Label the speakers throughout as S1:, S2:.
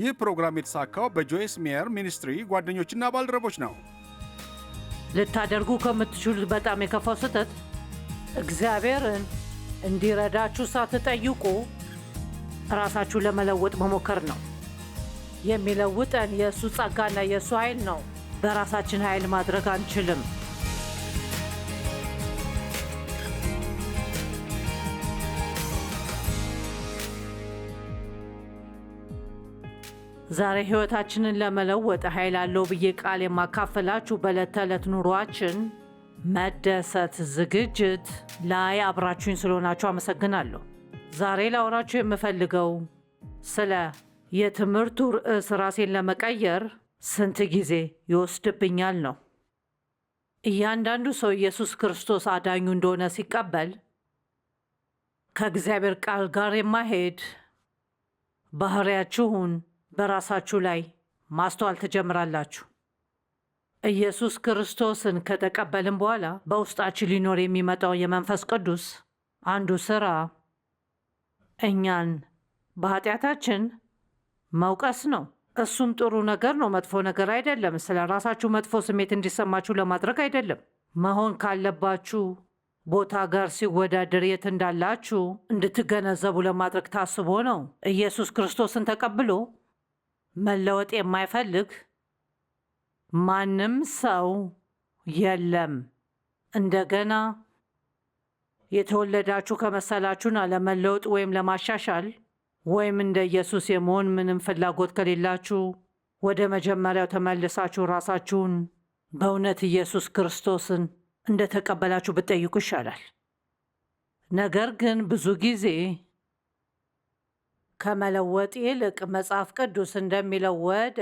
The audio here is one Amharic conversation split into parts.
S1: ይህ ፕሮግራም የተሳካው በጆይስ ሜየር ሚኒስትሪ ጓደኞችና ባልደረቦች ነው።
S2: ልታደርጉ ከምትችሉት በጣም የከፋው ስህተት እግዚአብሔርን እንዲረዳችሁ ሳትጠይቁ ራሳችሁ ለመለወጥ መሞከር ነው። የሚለውጠን የእሱ ጸጋና የእሱ ኃይል ነው። በራሳችን ኃይል ማድረግ አንችልም። ዛሬ ህይወታችንን ለመለወጥ ኃይል አለው ብዬ ቃል የማካፈላችሁ በዕለት ተዕለት ኑሯችን መደሰት ዝግጅት ላይ አብራችሁኝ ስለሆናችሁ አመሰግናለሁ። ዛሬ ላወራችሁ የምፈልገው ስለ የትምህርቱ ርዕስ ራሴን ለመቀየር ስንት ጊዜ ይወስድብኛል ነው። እያንዳንዱ ሰው ኢየሱስ ክርስቶስ አዳኙ እንደሆነ ሲቀበል ከእግዚአብሔር ቃል ጋር የማሄድ ባህሪያችሁን በራሳችሁ ላይ ማስተዋል ትጀምራላችሁ። ኢየሱስ ክርስቶስን ከተቀበልን በኋላ በውስጣችን ሊኖር የሚመጣው የመንፈስ ቅዱስ አንዱ ሥራ እኛን በኃጢአታችን መውቀስ ነው። እሱም ጥሩ ነገር ነው፣ መጥፎ ነገር አይደለም። ስለ ራሳችሁ መጥፎ ስሜት እንዲሰማችሁ ለማድረግ አይደለም። መሆን ካለባችሁ ቦታ ጋር ሲወዳደር የት እንዳላችሁ እንድትገነዘቡ ለማድረግ ታስቦ ነው። ኢየሱስ ክርስቶስን ተቀብሎ መለወጥ የማይፈልግ ማንም ሰው የለም። እንደገና የተወለዳችሁ ከመሰላችሁን አለመለወጥ ወይም ለማሻሻል ወይም እንደ ኢየሱስ የመሆን ምንም ፍላጎት ከሌላችሁ ወደ መጀመሪያው ተመልሳችሁ ራሳችሁን በእውነት ኢየሱስ ክርስቶስን እንደተቀበላችሁ ብትጠይቁ ይሻላል። ነገር ግን ብዙ ጊዜ ከመለወጥ ይልቅ መጽሐፍ ቅዱስ እንደሚለው ወደ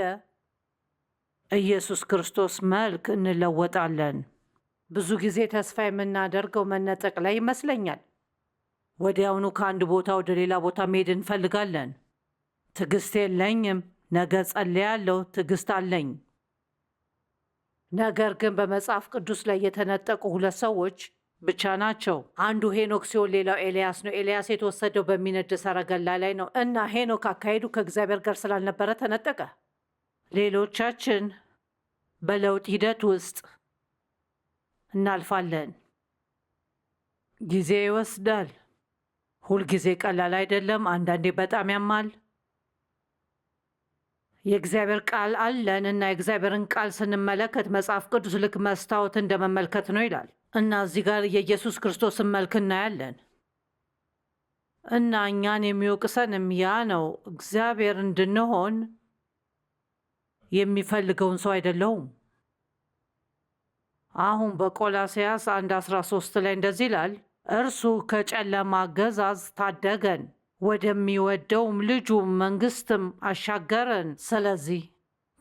S2: ኢየሱስ ክርስቶስ መልክ እንለወጣለን። ብዙ ጊዜ ተስፋ የምናደርገው መነጠቅ ላይ ይመስለኛል። ወዲያውኑ ከአንድ ቦታ ወደ ሌላ ቦታ መሄድ እንፈልጋለን። ትዕግስት የለኝም፣ ነገ ጸልያለሁ፣ ትዕግስት አለኝ። ነገር ግን በመጽሐፍ ቅዱስ ላይ የተነጠቁ ሁለት ሰዎች ብቻ ናቸው። አንዱ ሄኖክ ሲሆን ሌላው ኤልያስ ነው። ኤልያስ የተወሰደው በሚነድ ሰረገላ ላይ ነው እና ሄኖክ አካሄዱ ከእግዚአብሔር ጋር ስላልነበረ ተነጠቀ። ሌሎቻችን በለውጥ ሂደት ውስጥ እናልፋለን። ጊዜ ይወስዳል። ሁልጊዜ ቀላል አይደለም። አንዳንዴ በጣም ያማል። የእግዚአብሔር ቃል አለን እና የእግዚአብሔርን ቃል ስንመለከት መጽሐፍ ቅዱስ ልክ መስታወት እንደመመልከት ነው ይላል። እና እዚህ ጋር የኢየሱስ ክርስቶስን መልክ እናያለን። እና እኛን የሚወቅሰንም ያ ነው። እግዚአብሔር እንድንሆን የሚፈልገውን ሰው አይደለውም። አሁን በቆላስያስ አንድ አስራ ሶስት ላይ እንደዚህ ይላል፣ እርሱ ከጨለማ አገዛዝ ታደገን፣ ወደሚወደውም ልጁ መንግስትም አሻገረን። ስለዚህ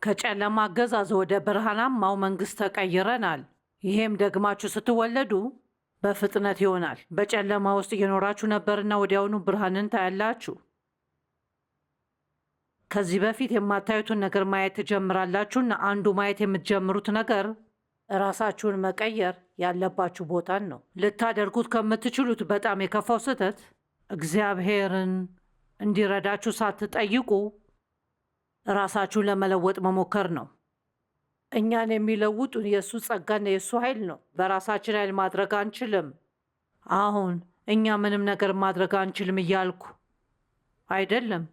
S2: ከጨለማ አገዛዝ ወደ ብርሃናማው መንግስት ተቀይረናል። ይሄም ደግማችሁ ስትወለዱ በፍጥነት ይሆናል። በጨለማ ውስጥ እየኖራችሁ ነበርና ወዲያውኑ ብርሃንን ታያላችሁ። ከዚህ በፊት የማታዩትን ነገር ማየት ትጀምራላችሁና አንዱ ማየት የምትጀምሩት ነገር ራሳችሁን መቀየር ያለባችሁ ቦታን ነው። ልታደርጉት ከምትችሉት በጣም የከፋው ስህተት እግዚአብሔርን እንዲረዳችሁ ሳትጠይቁ ራሳችሁን ለመለወጥ መሞከር ነው። እኛን የሚለውጡን የእሱ ጸጋና የእሱ ኃይል ነው። በራሳችን ኃይል ማድረግ አንችልም። አሁን እኛ ምንም ነገር ማድረግ አንችልም እያልኩ አይደለም።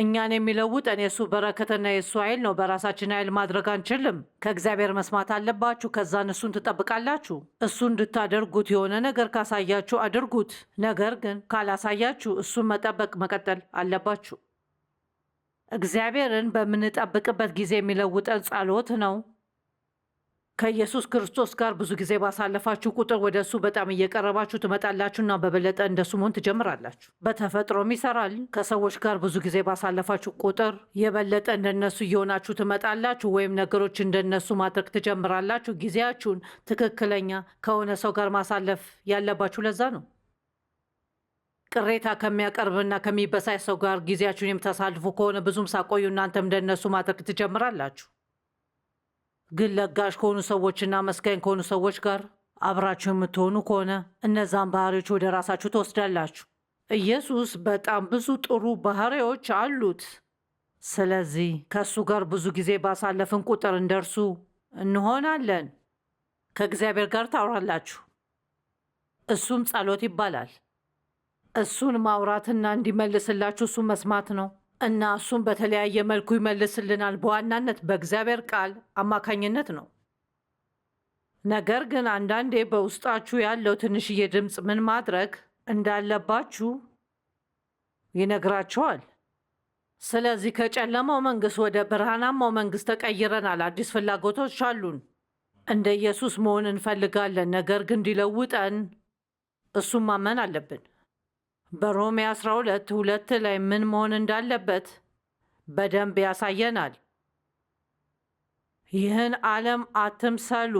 S2: እኛን የሚለውጠን የእሱ በረከትና የእሱ ኃይል ነው። በራሳችን ኃይል ማድረግ አንችልም። ከእግዚአብሔር መስማት አለባችሁ። ከዛን እሱን ትጠብቃላችሁ። እሱ እንድታደርጉት የሆነ ነገር ካሳያችሁ አድርጉት። ነገር ግን ካላሳያችሁ እሱን መጠበቅ መቀጠል አለባችሁ። እግዚአብሔርን በምንጠብቅበት ጊዜ የሚለውጠን ጸሎት ነው። ከኢየሱስ ክርስቶስ ጋር ብዙ ጊዜ ባሳለፋችሁ ቁጥር ወደ እሱ በጣም እየቀረባችሁ ትመጣላችሁና በበለጠ እንደሱ መሆን ትጀምራላችሁ። በተፈጥሮም ይሰራል። ከሰዎች ጋር ብዙ ጊዜ ባሳለፋችሁ ቁጥር የበለጠ እንደነሱ እየሆናችሁ ትመጣላችሁ፣ ወይም ነገሮች እንደነሱ ማድረግ ትጀምራላችሁ። ጊዜያችሁን ትክክለኛ ከሆነ ሰው ጋር ማሳለፍ ያለባችሁ ለዛ ነው። ቅሬታ ከሚያቀርብና ከሚበሳይ ሰው ጋር ጊዜያችሁን የምታሳልፉ ከሆነ ብዙም ሳቆዩ እናንተም እንደነሱ ማድረግ ትጀምራላችሁ። ግን ለጋሽ ከሆኑ ሰዎችና መስገኝ ከሆኑ ሰዎች ጋር አብራችሁ የምትሆኑ ከሆነ እነዛን ባህሪዎች ወደ ራሳችሁ ትወስዳላችሁ። ኢየሱስ በጣም ብዙ ጥሩ ባህሪዎች አሉት። ስለዚህ ከእሱ ጋር ብዙ ጊዜ ባሳለፍን ቁጥር እንደርሱ እንሆናለን። ከእግዚአብሔር ጋር ታውራላችሁ። እሱም ጸሎት ይባላል። እሱን ማውራትና እንዲመልስላችሁ እሱ መስማት ነው። እና እሱም በተለያየ መልኩ ይመልስልናል። በዋናነት በእግዚአብሔር ቃል አማካኝነት ነው። ነገር ግን አንዳንዴ በውስጣችሁ ያለው ትንሽዬ ድምፅ ምን ማድረግ እንዳለባችሁ ይነግራችኋል። ስለዚህ ከጨለማው መንግስት ወደ ብርሃናማው መንግስት ተቀይረናል። አዲስ ፍላጎቶች አሉን። እንደ ኢየሱስ መሆን እንፈልጋለን። ነገር ግን እንዲለውጠን እሱም ማመን አለብን። በሮሜ 12 ሁለት ላይ ምን መሆን እንዳለበት በደንብ ያሳየናል። ይህን ዓለም አትምሰሉ፣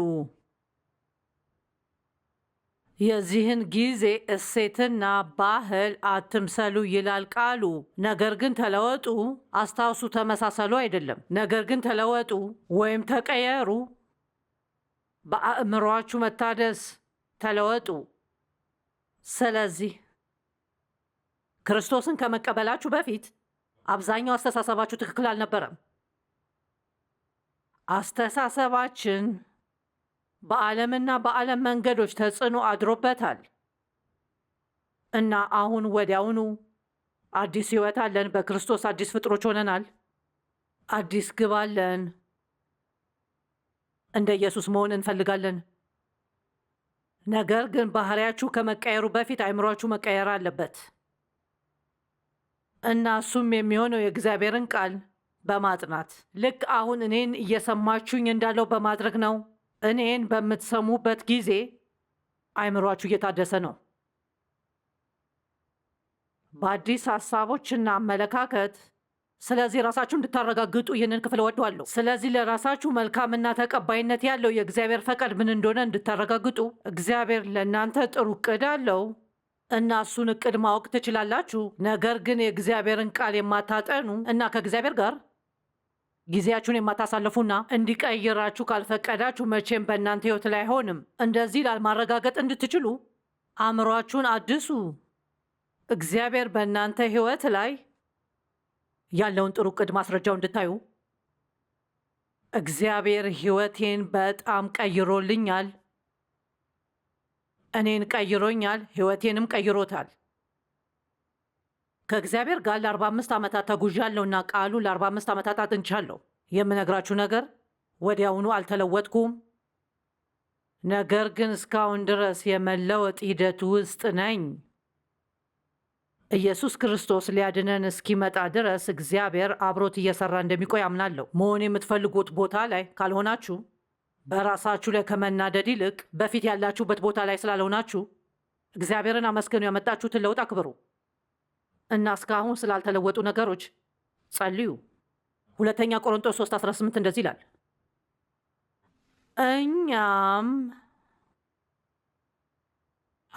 S2: የዚህን ጊዜ እሴትና ባህል አትምሰሉ ይላል ቃሉ። ነገር ግን ተለወጡ፣ አስታውሱ፣ ተመሳሰሉ አይደለም። ነገር ግን ተለወጡ ወይም ተቀየሩ፣ በአእምሯችሁ መታደስ፣ ተለወጡ። ስለዚህ ክርስቶስን ከመቀበላችሁ በፊት አብዛኛው አስተሳሰባችሁ ትክክል አልነበረም። አስተሳሰባችን በዓለምና በዓለም መንገዶች ተጽዕኖ አድሮበታል እና አሁን ወዲያውኑ አዲስ ሕይወት አለን። በክርስቶስ አዲስ ፍጥሮች ሆነናል። አዲስ ግብ አለን። እንደ ኢየሱስ መሆን እንፈልጋለን። ነገር ግን ባህሪያችሁ ከመቀየሩ በፊት አይምሯችሁ መቀየር አለበት። እና እሱም የሚሆነው የእግዚአብሔርን ቃል በማጥናት ልክ አሁን እኔን እየሰማችሁኝ እንዳለው በማድረግ ነው። እኔን በምትሰሙበት ጊዜ አይምሯችሁ እየታደሰ ነው። በአዲስ ሀሳቦችና አመለካከት። ስለዚህ ራሳችሁ እንድታረጋግጡ ይህንን ክፍል እወዳለሁ። ስለዚህ ለራሳችሁ መልካምና ተቀባይነት ያለው የእግዚአብሔር ፈቃድ ምን እንደሆነ እንድታረጋግጡ እግዚአብሔር ለእናንተ ጥሩ እቅድ አለው። እና እሱን እቅድ ማወቅ ትችላላችሁ። ነገር ግን የእግዚአብሔርን ቃል የማታጠኑ እና ከእግዚአብሔር ጋር ጊዜያችሁን የማታሳልፉና እንዲቀይራችሁ ካልፈቀዳችሁ መቼም በእናንተ ሕይወት ላይ አይሆንም። እንደዚህ ላልማረጋገጥ እንድትችሉ አእምሯችሁን አድሱ። እግዚአብሔር በእናንተ ሕይወት ላይ ያለውን ጥሩ እቅድ ማስረጃው እንድታዩ እግዚአብሔር ሕይወቴን በጣም ቀይሮልኛል እኔን ቀይሮኛል፣ ህይወቴንም ቀይሮታል። ከእግዚአብሔር ጋር ለአባአምስት 45 ዓመታት ተጉዣለሁ እና ቃሉ ለአባአምስት ዓመታት አጥንቻለሁ። የምነግራችሁ ነገር ወዲያውኑ አልተለወጥኩም፣ ነገር ግን እስካሁን ድረስ የመለወጥ ሂደት ውስጥ ነኝ። ኢየሱስ ክርስቶስ ሊያድነን እስኪመጣ ድረስ እግዚአብሔር አብሮት እየሰራ እንደሚቆይ አምናለሁ። መሆን የምትፈልጉት ቦታ ላይ ካልሆናችሁ በራሳችሁ ላይ ከመናደድ ይልቅ በፊት ያላችሁበት ቦታ ላይ ስላልሆናችሁ እግዚአብሔርን አመስገኑ። ያመጣችሁትን ለውጥ አክብሩ እና እስካሁን ስላልተለወጡ ነገሮች ጸልዩ። ሁለተኛ ቆሮንቶስ 3 18 እንደዚህ ይላል፣ እኛም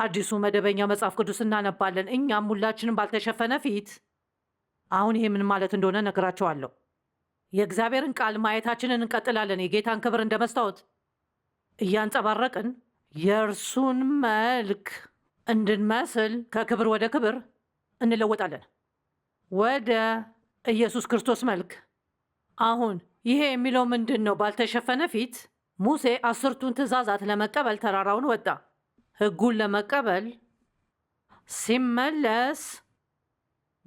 S2: አዲሱ መደበኛ መጽሐፍ ቅዱስ እናነባለን። እኛም ሁላችንም ባልተሸፈነ ፊት አሁን ይሄ ምን ማለት እንደሆነ ነግራቸዋለሁ። የእግዚአብሔርን ቃል ማየታችንን እንቀጥላለን። የጌታን ክብር እንደ መስታወት እያንጸባረቅን የእርሱን መልክ እንድንመስል ከክብር ወደ ክብር እንለወጣለን፣ ወደ ኢየሱስ ክርስቶስ መልክ። አሁን ይሄ የሚለው ምንድን ነው? ባልተሸፈነ ፊት ሙሴ አስርቱን ትእዛዛት ለመቀበል ተራራውን ወጣ። ሕጉን ለመቀበል ሲመለስ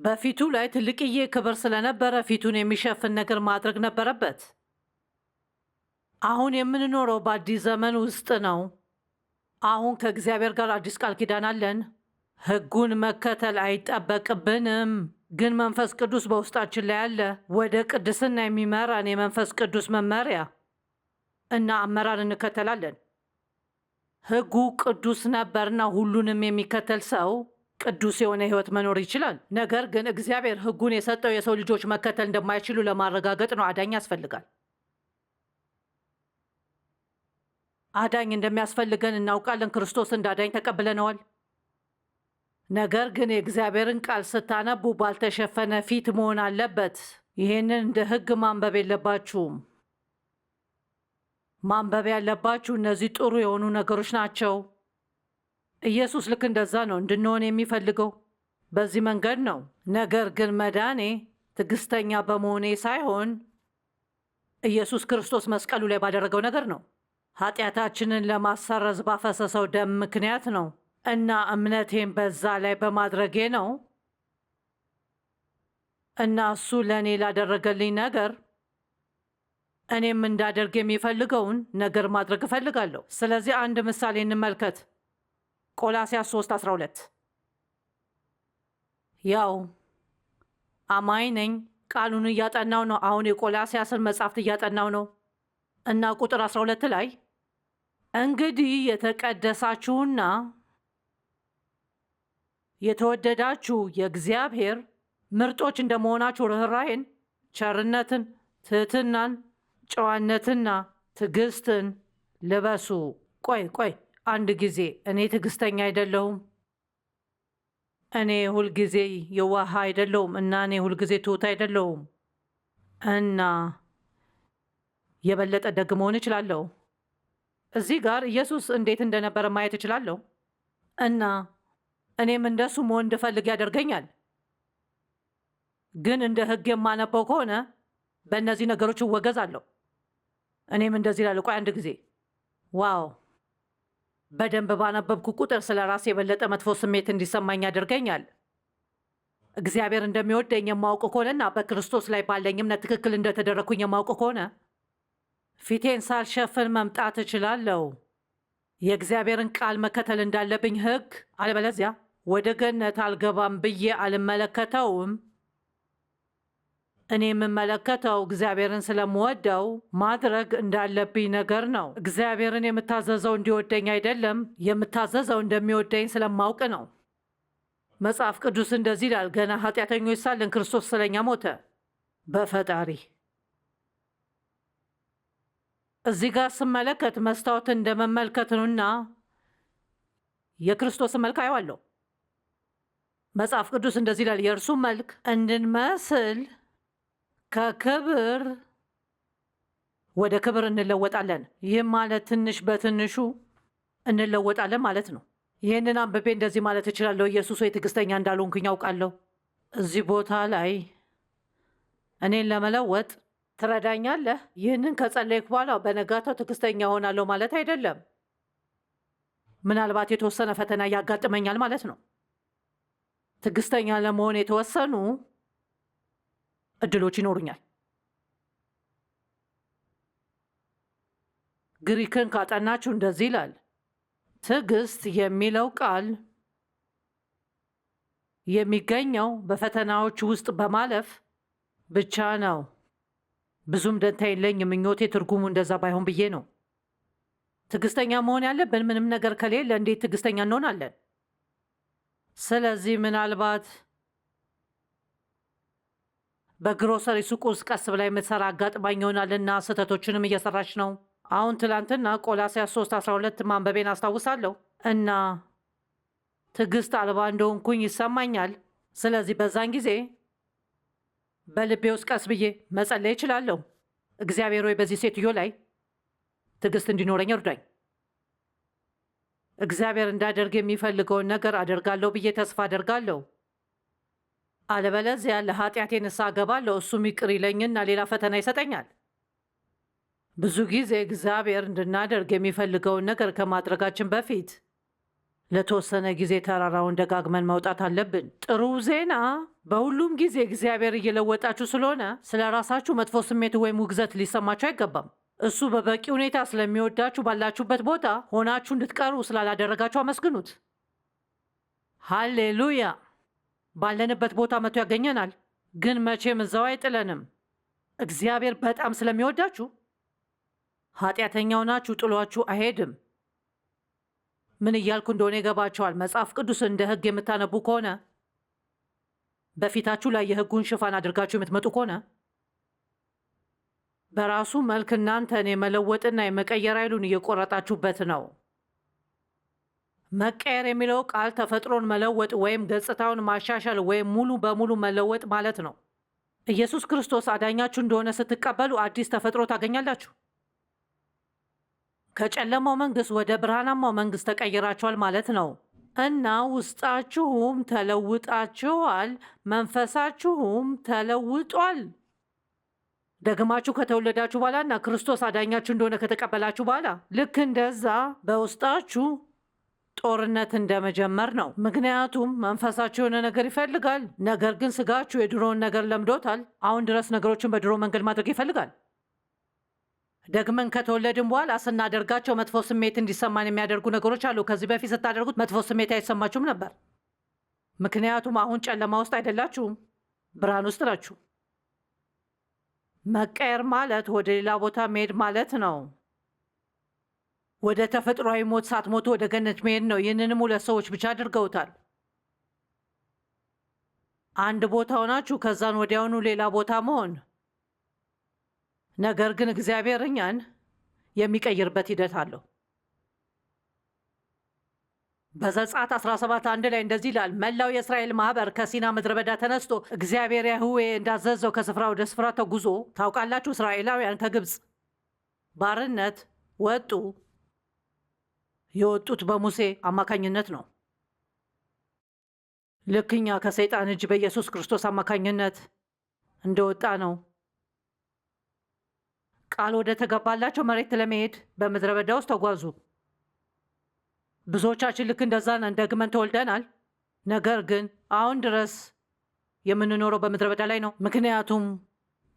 S2: በፊቱ ላይ ትልቅዬ ክብር ስለነበረ ፊቱን የሚሸፍን ነገር ማድረግ ነበረበት። አሁን የምንኖረው በአዲስ ዘመን ውስጥ ነው። አሁን ከእግዚአብሔር ጋር አዲስ ቃል ኪዳን አለን። ሕጉን መከተል አይጠበቅብንም፣ ግን መንፈስ ቅዱስ በውስጣችን ላይ አለ። ወደ ቅድስና የሚመራን የመንፈስ ቅዱስ መመሪያ እና አመራር እንከተላለን። ሕጉ ቅዱስ ነበርና ሁሉንም የሚከተል ሰው ቅዱስ የሆነ ህይወት መኖር ይችላል። ነገር ግን እግዚአብሔር ህጉን የሰጠው የሰው ልጆች መከተል እንደማይችሉ ለማረጋገጥ ነው። አዳኝ ያስፈልጋል። አዳኝ እንደሚያስፈልገን እናውቃለን። ክርስቶስ እንደ አዳኝ ተቀብለነዋል። ነገር ግን የእግዚአብሔርን ቃል ስታነቡ ባልተሸፈነ ፊት መሆን አለበት። ይህንን እንደ ህግ ማንበብ የለባችሁም። ማንበብ ያለባችሁ እነዚህ ጥሩ የሆኑ ነገሮች ናቸው ኢየሱስ ልክ እንደዛ ነው እንድንሆን የሚፈልገው በዚህ መንገድ ነው። ነገር ግን መዳኔ ትዕግስተኛ በመሆኔ ሳይሆን ኢየሱስ ክርስቶስ መስቀሉ ላይ ባደረገው ነገር ነው። ኃጢአታችንን ለማሰረዝ ባፈሰሰው ደም ምክንያት ነው እና እምነቴን በዛ ላይ በማድረጌ ነው እና እሱ ለእኔ ላደረገልኝ ነገር እኔም እንዳደርግ የሚፈልገውን ነገር ማድረግ እፈልጋለሁ። ስለዚህ አንድ ምሳሌ እንመልከት። 3 3:12 ያው አማኝ ነኝ፣ ቃሉን እያጠናው ነው። አሁን የቆላሲያስን መጽሐፍት እያጠናው ነው እና ቁጥር 12 ላይ እንግዲህ የተቀደሳችሁና የተወደዳችሁ የእግዚአብሔር ምርጦች እንደመሆናችሁ ርኅራኄን፣ ቸርነትን፣ ትህትናን ጨዋነትና ትዕግስትን ልበሱ። ቆይ ቆይ አንድ ጊዜ እኔ ትዕግስተኛ አይደለሁም። እኔ ሁልጊዜ የዋህ አይደለሁም እና እኔ ሁልጊዜ ትሁት አይደለሁም እና የበለጠ ደግ መሆን እችላለሁ። እዚህ ጋር ኢየሱስ እንዴት እንደነበረ ማየት እችላለሁ እና እኔም እንደሱ መሆን እንድፈልግ ያደርገኛል። ግን እንደ ሕግ የማነበው ከሆነ በእነዚህ ነገሮች እወገዛለሁ። እኔም እንደዚህ ላልቆይ አንድ ጊዜ ዋው በደንብ ባነበብኩ ቁጥር ስለ ራሴ የበለጠ መጥፎ ስሜት እንዲሰማኝ ያደርገኛል። እግዚአብሔር እንደሚወደኝ የማውቅ ከሆነና በክርስቶስ ላይ ባለኝ እምነት ትክክል እንደተደረግኩኝ የማውቅ ከሆነ ፊቴን ሳልሸፍን መምጣት እችላለሁ። የእግዚአብሔርን ቃል መከተል እንዳለብኝ ሕግ፣ አለበለዚያ ወደ ገነት አልገባም ብዬ አልመለከተውም። እኔ የምመለከተው እግዚአብሔርን ስለምወደው ማድረግ እንዳለብኝ ነገር ነው። እግዚአብሔርን የምታዘዘው እንዲወደኝ አይደለም፣ የምታዘዘው እንደሚወደኝ ስለማውቅ ነው። መጽሐፍ ቅዱስ እንደዚህ ይላል፣ ገና ኃጢአተኞች ሳለን ክርስቶስ ስለኛ ሞተ። በፈጣሪ እዚህ ጋር ስመለከት መስታወት እንደመመልከት ነውና የክርስቶስ መልክ አየዋለሁ። መጽሐፍ ቅዱስ እንደዚህ ይላል፣ የእርሱ መልክ እንድንመስል ከክብር ወደ ክብር እንለወጣለን። ይህም ማለት ትንሽ በትንሹ እንለወጣለን ማለት ነው። ይህንን አንብቤ እንደዚህ ማለት እችላለሁ፣ ኢየሱስ ወይ ትዕግስተኛ እንዳልሆንኩኝ አውቃለሁ። እዚህ ቦታ ላይ እኔን ለመለወጥ ትረዳኛለህ። ይህንን ከጸለይክ በኋላ በነጋታው ትዕግስተኛ እሆናለሁ ማለት አይደለም። ምናልባት የተወሰነ ፈተና ያጋጥመኛል ማለት ነው። ትዕግስተኛ ለመሆን የተወሰኑ እድሎች ይኖሩኛል። ግሪክን ካጠናችሁ እንደዚህ ይላል። ትዕግስት የሚለው ቃል የሚገኘው በፈተናዎች ውስጥ በማለፍ ብቻ ነው። ብዙም ደንታ የለኝ። ምኞቴ ትርጉሙ እንደዛ ባይሆን ብዬ ነው። ትዕግስተኛ መሆን ያለብን ምንም ነገር ከሌለ እንዴት ትዕግስተኛ እንሆናለን? ስለዚህ ምናልባት በግሮሰሪ ሱቅ ውስጥ ቀስ ብላ የምትሰራ አጋጥማኝ ይሆናልና ስህተቶችንም እየሰራች ነው። አሁን ትላንትና ሲ3 3፥12 ማንበቤን አስታውሳለሁ እና ትዕግስት አልባ እንደሆንኩኝ ይሰማኛል። ስለዚህ በዛን ጊዜ በልቤ ውስጥ ቀስ ብዬ መጸለይ እችላለሁ። እግዚአብሔር ሆይ በዚህ ሴትዮ ላይ ትዕግስት እንዲኖረኝ እርዳኝ። እግዚአብሔር እንዳደርግ የሚፈልገውን ነገር አደርጋለሁ ብዬ ተስፋ አደርጋለሁ። አለበለዚያ ለኃጢአቴን እሳገባለሁ፣ እሱም ይቅር ይለኝና ሌላ ፈተና ይሰጠኛል። ብዙ ጊዜ እግዚአብሔር እንድናደርግ የሚፈልገውን ነገር ከማድረጋችን በፊት ለተወሰነ ጊዜ ተራራውን ደጋግመን መውጣት አለብን። ጥሩ ዜና በሁሉም ጊዜ እግዚአብሔር እየለወጣችሁ ስለሆነ ስለ ራሳችሁ መጥፎ ስሜት ወይም ውግዘት ሊሰማችሁ አይገባም። እሱ በበቂ ሁኔታ ስለሚወዳችሁ ባላችሁበት ቦታ ሆናችሁ እንድትቀሩ ስላላደረጋችሁ አመስግኑት። ሃሌሉያ! ባለንበት ቦታ መቶ ያገኘናል፣ ግን መቼም እዛው አይጥለንም። እግዚአብሔር በጣም ስለሚወዳችሁ ኃጢአተኛው ናችሁ ጥሏችሁ አይሄድም። ምን እያልኩ እንደሆነ ይገባቸዋል። መጽሐፍ ቅዱስ እንደ ሕግ የምታነቡ ከሆነ በፊታችሁ ላይ የሕጉን ሽፋን አድርጋችሁ የምትመጡ ከሆነ በራሱ መልክ እናንተን የመለወጥና የመቀየር ኃይሉን እየቆረጣችሁበት ነው። መቀየር የሚለው ቃል ተፈጥሮን መለወጥ ወይም ገጽታውን ማሻሻል ወይም ሙሉ በሙሉ መለወጥ ማለት ነው። ኢየሱስ ክርስቶስ አዳኛችሁ እንደሆነ ስትቀበሉ አዲስ ተፈጥሮ ታገኛላችሁ። ከጨለማው መንግስት ወደ ብርሃናማው መንግስት ተቀይራችኋል ማለት ነው እና ውስጣችሁም ተለውጣችኋል፣ መንፈሳችሁም ተለውጧል። ደግማችሁ ከተወለዳችሁ በኋላ እና ክርስቶስ አዳኛችሁ እንደሆነ ከተቀበላችሁ በኋላ ልክ እንደዛ በውስጣችሁ ጦርነት እንደመጀመር ነው። ምክንያቱም መንፈሳችሁ የሆነ ነገር ይፈልጋል። ነገር ግን ስጋችሁ የድሮውን ነገር ለምዶታል። አሁን ድረስ ነገሮችን በድሮ መንገድ ማድረግ ይፈልጋል። ደግመን ከተወለድን በኋላ ስናደርጋቸው መጥፎ ስሜት እንዲሰማን የሚያደርጉ ነገሮች አሉ። ከዚህ በፊት ስታደርጉት መጥፎ ስሜት አይሰማችሁም ነበር፣ ምክንያቱም አሁን ጨለማ ውስጥ አይደላችሁም፣ ብርሃን ውስጥ ናችሁ። መቀየር ማለት ወደ ሌላ ቦታ መሄድ ማለት ነው። ወደ ተፈጥሯዊ ሞት ሳትሞቱ ወደ ገነት መሄድ ነው። ይህንንም ሁለት ሰዎች ብቻ አድርገውታል። አንድ ቦታ ሆናችሁ ከዛን ወዲያውኑ ሌላ ቦታ መሆን። ነገር ግን እግዚአብሔር እኛን የሚቀይርበት ሂደት አለው። በዘጸአት 17 አንድ ላይ እንደዚህ ይላል፣ መላው የእስራኤል ማህበር ከሲና ምድረ በዳ ተነስቶ እግዚአብሔር ያህዌ እንዳዘዘው ከስፍራ ወደ ስፍራ ተጉዞ ታውቃላችሁ። እስራኤላውያን ከግብፅ ባርነት ወጡ። የወጡት በሙሴ አማካኝነት ነው። ልክ እኛ ከሰይጣን እጅ በኢየሱስ ክርስቶስ አማካኝነት እንደወጣ ነው። ቃል ወደ ተገባላቸው መሬት ለመሄድ በምድረ በዳ ውስጥ ተጓዙ። ብዙዎቻችን ልክ እንደዛ ነን። ደግመን ተወልደናል። ነገር ግን አሁን ድረስ የምንኖረው በምድረ በዳ ላይ ነው። ምክንያቱም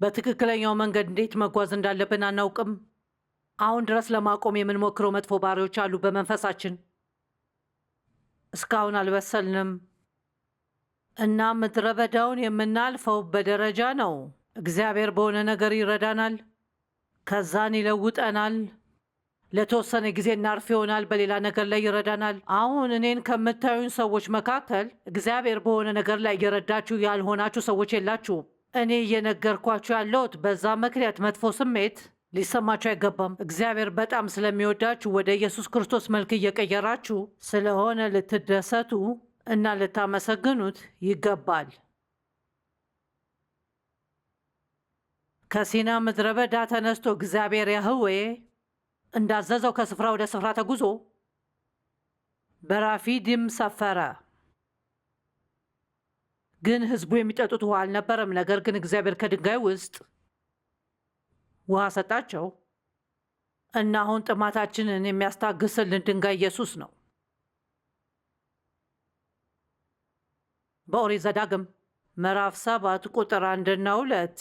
S2: በትክክለኛው መንገድ እንዴት መጓዝ እንዳለብን አናውቅም። አሁን ድረስ ለማቆም የምንሞክረው መጥፎ ባሪዎች አሉ በመንፈሳችን እስካሁን አልበሰልንም እና ምድረ በዳውን የምናልፈው በደረጃ ነው። እግዚአብሔር በሆነ ነገር ይረዳናል፣ ከዛን ይለውጠናል። ለተወሰነ ጊዜ እናርፍ ይሆናል፣ በሌላ ነገር ላይ ይረዳናል። አሁን እኔን ከምታዩን ሰዎች መካከል እግዚአብሔር በሆነ ነገር ላይ እየረዳችሁ ያልሆናችሁ ሰዎች የላችሁም። እኔ እየነገርኳችሁ ያለሁት በዛ ምክንያት መጥፎ ስሜት ሊሰማችሁ አይገባም። እግዚአብሔር በጣም ስለሚወዳችሁ ወደ ኢየሱስ ክርስቶስ መልክ እየቀየራችሁ ስለሆነ ልትደሰቱ እና ልታመሰግኑት ይገባል። ከሲና ምድረ በዳ ተነስቶ እግዚአብሔር ያህዌ እንዳዘዘው ከስፍራ ወደ ስፍራ ተጉዞ በራፊድም ሰፈረ። ግን ሕዝቡ የሚጠጡት ውሃ አልነበረም። ነገር ግን እግዚአብሔር ከድንጋይ ውስጥ ውሃ ሰጣቸው እና አሁን ጥማታችንን የሚያስታግስልን ድንጋይ ኢየሱስ ነው። በኦሪት ዘዳግም ምዕራፍ ሰባት ቁጥር አንድና ሁለት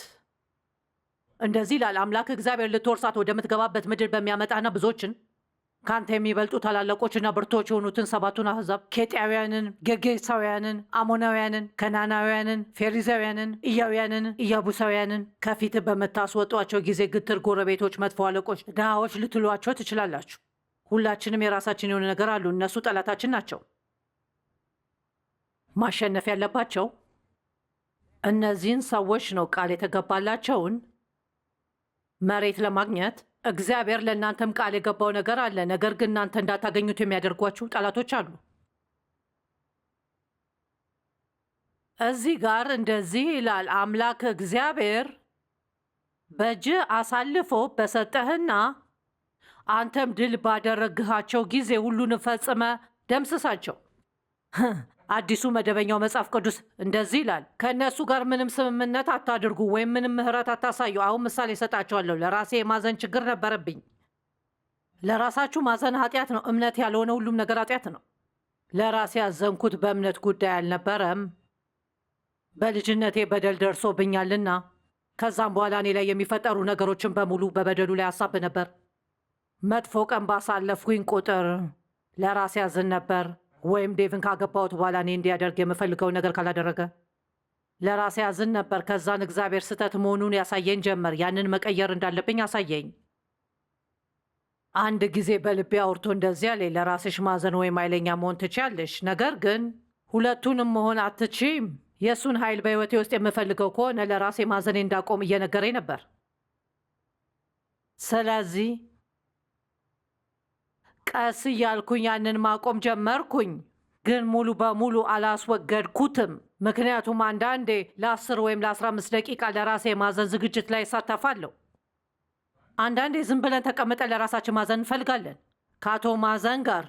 S2: እንደዚህ ይላል፣ አምላክ እግዚአብሔር ልትወርሳት ወደምትገባበት ምድር በሚያመጣና ብዙዎችን ከአንተ የሚበልጡ ታላላቆችና ብርቶች የሆኑትን ሰባቱን አሕዛብ ኬጢያውያንን፣ ጌርጌሳውያንን፣ አሞናውያንን፣ ከናናውያንን፣ ፌሪዛውያንን፣ ኢያውያንን፣ ኢያቡሳውያንን ከፊት በምታስወጧቸው ጊዜ ግትር ጎረቤቶች፣ መጥፎ አለቆች፣ ድሃዎች ልትሏቸው ትችላላችሁ። ሁላችንም የራሳችን የሆነ ነገር አሉ። እነሱ ጠላታችን ናቸው። ማሸነፍ ያለባቸው እነዚህን ሰዎች ነው ቃል የተገባላቸውን መሬት ለማግኘት እግዚአብሔር ለእናንተም ቃል የገባው ነገር አለ። ነገር ግን እናንተ እንዳታገኙት የሚያደርጓችሁ ጠላቶች አሉ። እዚህ ጋር እንደዚህ ይላል፣ አምላክ እግዚአብሔር በእጅህ አሳልፎ በሰጠህና አንተም ድል ባደረግሃቸው ጊዜ ሁሉን ፈጽመ ደምስሳቸው። አዲሱ መደበኛው መጽሐፍ ቅዱስ እንደዚህ ይላል፣ ከእነሱ ጋር ምንም ስምምነት አታድርጉ ወይም ምንም ምህረት አታሳዩ። አሁን ምሳሌ እሰጣቸዋለሁ። ለራሴ የማዘን ችግር ነበረብኝ። ለራሳችሁ ማዘን ኃጢአት ነው። እምነት ያልሆነ ሁሉም ነገር ኃጢአት ነው። ለራሴ ያዘንኩት በእምነት ጉዳይ አልነበረም። በልጅነቴ በደል ደርሶብኛልና ከዛም በኋላ እኔ ላይ የሚፈጠሩ ነገሮችን በሙሉ በበደሉ ላይ አሳብ ነበር። መጥፎ ቀን ባሳለፍኩኝ ቁጥር ለራሴ ያዝን ነበር። ወይም ዴቭን ካገባሁት በኋላ እኔ እንዲያደርግ የምፈልገውን ነገር ካላደረገ ለራሴ ያዝን ነበር። ከዛን እግዚአብሔር ስህተት መሆኑን ያሳየኝ ጀመር። ያንን መቀየር እንዳለብኝ አሳየኝ። አንድ ጊዜ በልቤ አውርቶ እንደዚህ አለኝ፣ ለራስሽ ማዘን ወይም ኃይለኛ መሆን ትችያለሽ፣ ነገር ግን ሁለቱንም መሆን አትችም። የእሱን ኃይል በሕይወቴ ውስጥ የምፈልገው ከሆነ ለራሴ ማዘኔ እንዳቆም እየነገረኝ ነበር። ስለዚህ ቀስ እያልኩኝ ያንን ማቆም ጀመርኩኝ፣ ግን ሙሉ በሙሉ አላስወገድኩትም። ምክንያቱም አንዳንዴ ለ10 ወይም ለ15 ደቂቃ ለራሴ የማዘን ዝግጅት ላይ ይሳተፋለሁ። አንዳንዴ ዝም ብለን ተቀምጠን ለራሳችን ማዘን እንፈልጋለን። ከአቶ ማዘን ጋር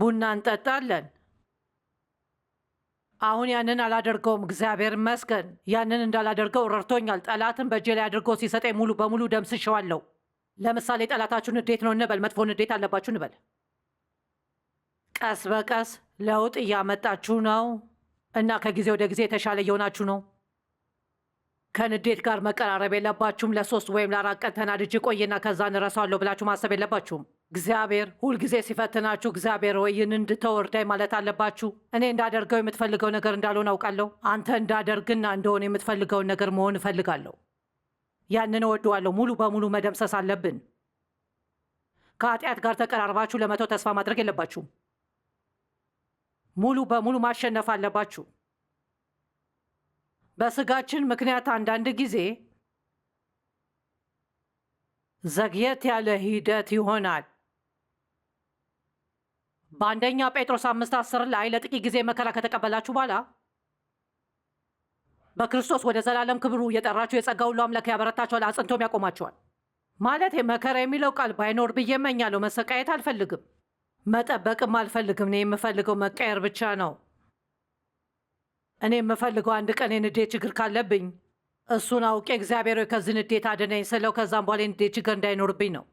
S2: ቡና እንጠጣለን። አሁን ያንን አላደርገውም፣ እግዚአብሔር ይመስገን። ያንን እንዳላደርገው ረድቶኛል። ጠላትን በእጄ ላይ አድርጎ ሲሰጠኝ ሙሉ በሙሉ ደምስሸዋለሁ። ለምሳሌ ጠላታችሁ ንዴት ነው እንበል፣ መጥፎ ንዴት አለባችሁ እንበል። ቀስ በቀስ ለውጥ እያመጣችሁ ነው እና ከጊዜ ወደ ጊዜ የተሻለ እየሆናችሁ ነው። ከንዴት ጋር መቀራረብ የለባችሁም። ለሶስት ወይም ለአራት ቀን ተናድጄ ቆይና ከዛ እንረሳዋለሁ ብላችሁ ማሰብ የለባችሁም። እግዚአብሔር ሁልጊዜ ሲፈትናችሁ እግዚአብሔር ወይ ይህን እንድተው እርዳኝ ማለት አለባችሁ። እኔ እንዳደርገው የምትፈልገው ነገር እንዳልሆን አውቃለሁ። አንተ እንዳደርግና እንደሆነ የምትፈልገውን ነገር መሆን እፈልጋለሁ። ያንን እወደዋለሁ። ሙሉ በሙሉ መደምሰስ አለብን። ከኃጢአት ጋር ተቀራርባችሁ ለመተው ተስፋ ማድረግ የለባችሁም። ሙሉ በሙሉ ማሸነፍ አለባችሁ። በስጋችን ምክንያት አንዳንድ ጊዜ ዘግየት ያለ ሂደት ይሆናል። በአንደኛ ጴጥሮስ አምስት አስር ላይ ለጥቂት ጊዜ መከራ ከተቀበላችሁ በኋላ በክርስቶስ ወደ ዘላለም ክብሩ የጠራቸው የጸጋ ሁሉ አምላክ ያበረታቸዋል፣ አጽንቶም ያቆማቸዋል። ማለት መከራ የሚለው ቃል ባይኖር ብዬ እመኛለሁ። መሰቃየት አልፈልግም፣ መጠበቅም አልፈልግም። እኔ የምፈልገው መቀየር ብቻ ነው። እኔ የምፈልገው አንድ ቀን የንዴት ችግር ካለብኝ እሱን አውቄ እግዚአብሔር ከዚህ ንዴት አድነኝ ስለው ከዛም በኋላ የንዴት ችግር እንዳይኖርብኝ ነው።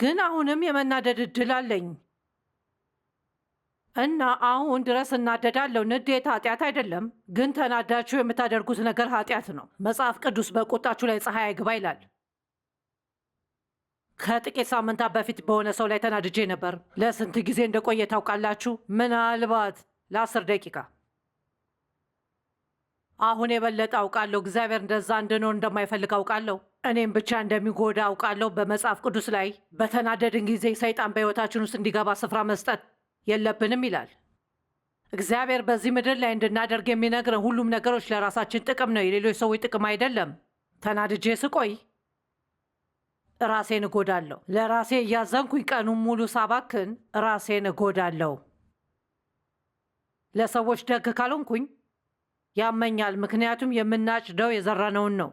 S2: ግን አሁንም የመናደድ እድል አለኝ። እና አሁን ድረስ እናደዳለሁ። ንዴት ኃጢአት አይደለም፣ ግን ተናዳችሁ የምታደርጉት ነገር ኃጢአት ነው። መጽሐፍ ቅዱስ በቁጣችሁ ላይ ፀሐይ አይግባ ይላል። ከጥቂት ሳምንታት በፊት በሆነ ሰው ላይ ተናድጄ ነበር። ለስንት ጊዜ እንደቆየ ታውቃላችሁ? ምናልባት ለአስር ደቂቃ። አሁን የበለጠ አውቃለሁ። እግዚአብሔር እንደዛ እንድንሆን እንደማይፈልግ አውቃለሁ። እኔም ብቻ እንደሚጎዳ አውቃለሁ። በመጽሐፍ ቅዱስ ላይ በተናደድን ጊዜ ሰይጣን በሕይወታችን ውስጥ እንዲገባ ስፍራ መስጠት የለብንም ይላል። እግዚአብሔር በዚህ ምድር ላይ እንድናደርግ የሚነግረን ሁሉም ነገሮች ለራሳችን ጥቅም ነው፣ የሌሎች ሰዎች ጥቅም አይደለም። ተናድጄ ስቆይ ራሴን እጎዳለሁ። ለራሴ እያዘንኩኝ ቀኑን ሙሉ ሳባክን ራሴን እጎዳለሁ። ለሰዎች ደግ ካልሆንኩኝ ያመኛል፣ ምክንያቱም የምናጭደው የዘራነውን ነው።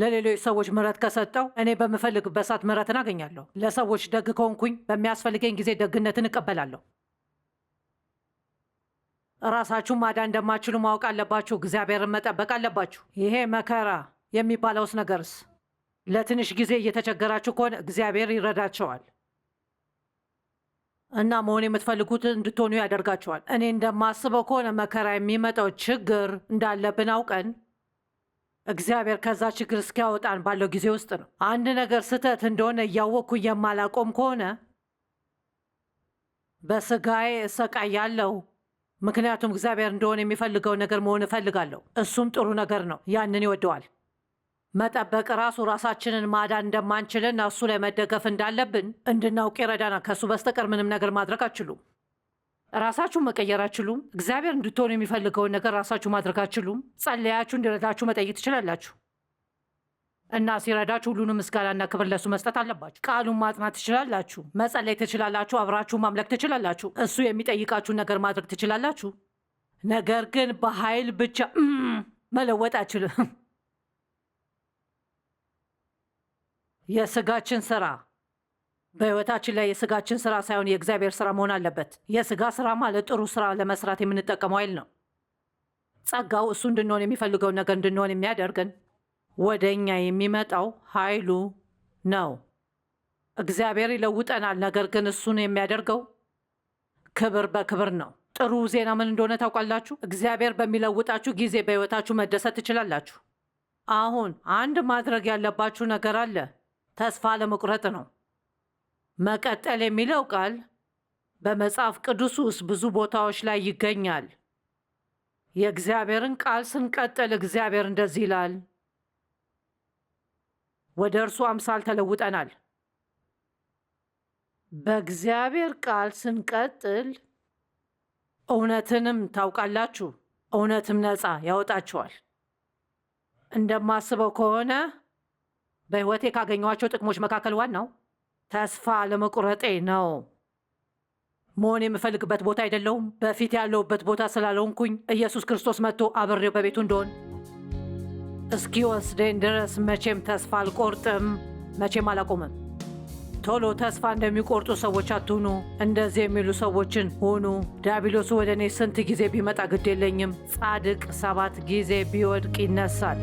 S2: ለሌሎች ሰዎች ምሕረት ከሰጠው እኔ በምፈልግበት ሰዓት ምሕረትን አገኛለሁ። ለሰዎች ደግ ከሆንኩኝ በሚያስፈልገኝ ጊዜ ደግነትን እቀበላለሁ። ራሳችሁን ማዳን እንደማችሉ ማወቅ አለባችሁ። እግዚአብሔርን መጠበቅ አለባችሁ። ይሄ መከራ የሚባለውስ ነገርስ ለትንሽ ጊዜ እየተቸገራችሁ ከሆነ እግዚአብሔር ይረዳቸዋል እና መሆን የምትፈልጉት እንድትሆኑ ያደርጋቸዋል። እኔ እንደማስበው ከሆነ መከራ የሚመጣው ችግር እንዳለብን አውቀን እግዚአብሔር ከዛ ችግር እስኪያወጣን ባለው ጊዜ ውስጥ ነው። አንድ ነገር ስህተት እንደሆነ እያወቅኩ የማላቆም ከሆነ በስጋዬ እሰቃያለሁ። ምክንያቱም እግዚአብሔር እንደሆነ የሚፈልገው ነገር መሆን እፈልጋለሁ። እሱም ጥሩ ነገር ነው፣ ያንን ይወደዋል። መጠበቅ ራሱ ራሳችንን ማዳን እንደማንችልና እሱ ላይ መደገፍ እንዳለብን እንድናውቅ ይረዳናል። ከእሱ በስተቀር ምንም ነገር ማድረግ አችሉም። ራሳችሁ መቀየር አችሉም። እግዚአብሔር እንድትሆኑ የሚፈልገውን ነገር ራሳችሁ ማድረግ አችሉም። ጸለያችሁ እንዲረዳችሁ መጠየቅ ትችላላችሁ እና ሲረዳችሁ ሁሉንም ምስጋናና ክብር ለሱ መስጠት አለባችሁ። ቃሉን ማጥናት ትችላላችሁ፣ መጸለይ ትችላላችሁ፣ አብራችሁ ማምለክ ትችላላችሁ። እሱ የሚጠይቃችሁን ነገር ማድረግ ትችላላችሁ። ነገር ግን በኃይል ብቻ መለወጥ አችልም። የስጋችን ስራ በህይወታችን ላይ የስጋችን ስራ ሳይሆን የእግዚአብሔር ስራ መሆን አለበት። የስጋ ስራ ማለት ጥሩ ስራ ለመስራት የምንጠቀመው ኃይል ነው። ጸጋው እሱ እንድንሆን የሚፈልገው ነገር እንድንሆን የሚያደርገን ወደ እኛ የሚመጣው ኃይሉ ነው። እግዚአብሔር ይለውጠናል። ነገር ግን እሱን የሚያደርገው ክብር በክብር ነው። ጥሩ ዜና ምን እንደሆነ ታውቃላችሁ? እግዚአብሔር በሚለውጣችሁ ጊዜ በህይወታችሁ መደሰት ትችላላችሁ። አሁን አንድ ማድረግ ያለባችሁ ነገር አለ። ተስፋ ለመቁረጥ ነው። መቀጠል የሚለው ቃል በመጽሐፍ ቅዱስ ውስጥ ብዙ ቦታዎች ላይ ይገኛል። የእግዚአብሔርን ቃል ስንቀጥል እግዚአብሔር እንደዚህ ይላል፣ ወደ እርሱ አምሳል ተለውጠናል። በእግዚአብሔር ቃል ስንቀጥል እውነትንም ታውቃላችሁ፣ እውነትም ነፃ ያወጣችኋል። እንደማስበው ከሆነ በሕይወቴ ካገኟቸው ጥቅሞች መካከል ዋናው ተስፋ ለመቁረጤ ነው። መሆን የምፈልግበት ቦታ አይደለሁም። በፊት ያለውበት ቦታ ስላለውንኩኝ ኢየሱስ ክርስቶስ መጥቶ አብሬው በቤቱ እንደሆን እስኪወስደኝ ድረስ መቼም ተስፋ አልቆርጥም፣ መቼም አላቆምም። ቶሎ ተስፋ እንደሚቆርጡ ሰዎች አትሁኑ። እንደዚህ የሚሉ ሰዎችን ሁኑ። ዲያብሎሱ ወደ እኔ ስንት ጊዜ ቢመጣ ግድ የለኝም፣ ጻድቅ ሰባት ጊዜ ቢወድቅ ይነሳል።